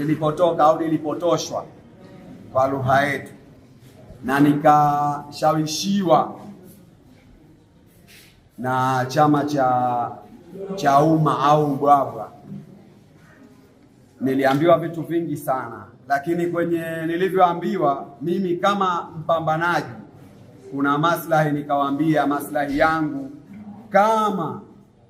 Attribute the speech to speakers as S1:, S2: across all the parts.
S1: nilipotoka au nilipotoshwa kwa lugha yetu, na nikashawishiwa na chama cha umma au Mbwabwa. Niliambiwa vitu vingi sana, lakini kwenye nilivyoambiwa mimi kama mpambanaji, kuna maslahi, nikawaambia maslahi yangu kama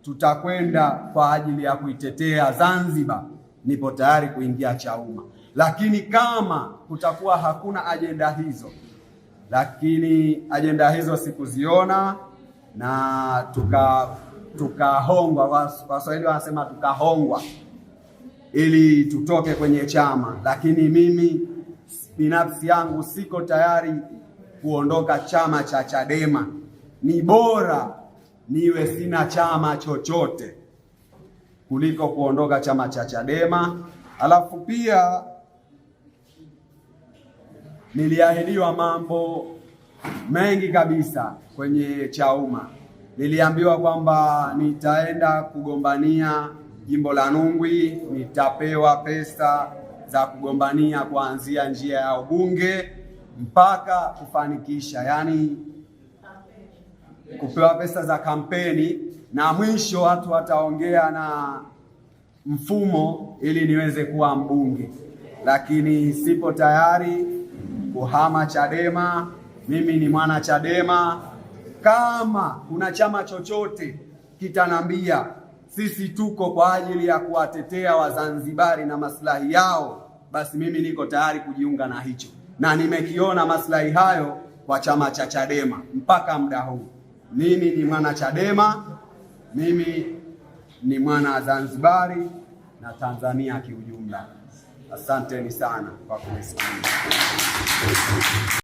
S1: tutakwenda kwa ajili ya kuitetea Zanzibar nipo tayari kuingia Chauma, lakini kama kutakuwa hakuna ajenda hizo, lakini ajenda hizo sikuziona na tuka tukahongwa, Waswahili wanasema tukahongwa, ili tutoke kwenye chama. Lakini mimi binafsi yangu siko tayari kuondoka chama cha Chadema. Ni bora niwe sina chama chochote kuliko kuondoka chama cha Chadema. Alafu pia niliahidiwa mambo mengi kabisa kwenye Chauma. Niliambiwa kwamba nitaenda kugombania jimbo la Nungwi, nitapewa pesa za kugombania kuanzia njia ya ubunge mpaka kufanikisha, yaani kupewa pesa za kampeni, na mwisho watu wataongea na mfumo ili niweze kuwa mbunge, lakini sipo tayari kuhama Chadema. Mimi ni mwana Chadema. Kama kuna chama chochote kitanambia sisi tuko kwa ajili ya kuwatetea Wazanzibari na maslahi yao, basi mimi niko tayari kujiunga na hicho, na nimekiona maslahi hayo kwa chama cha Chadema mpaka muda huu. Mimi ni mwana Chadema, mimi ni mwana wa Zanzibari na Tanzania kiujumla. Asanteni sana kwa kunisikiliza.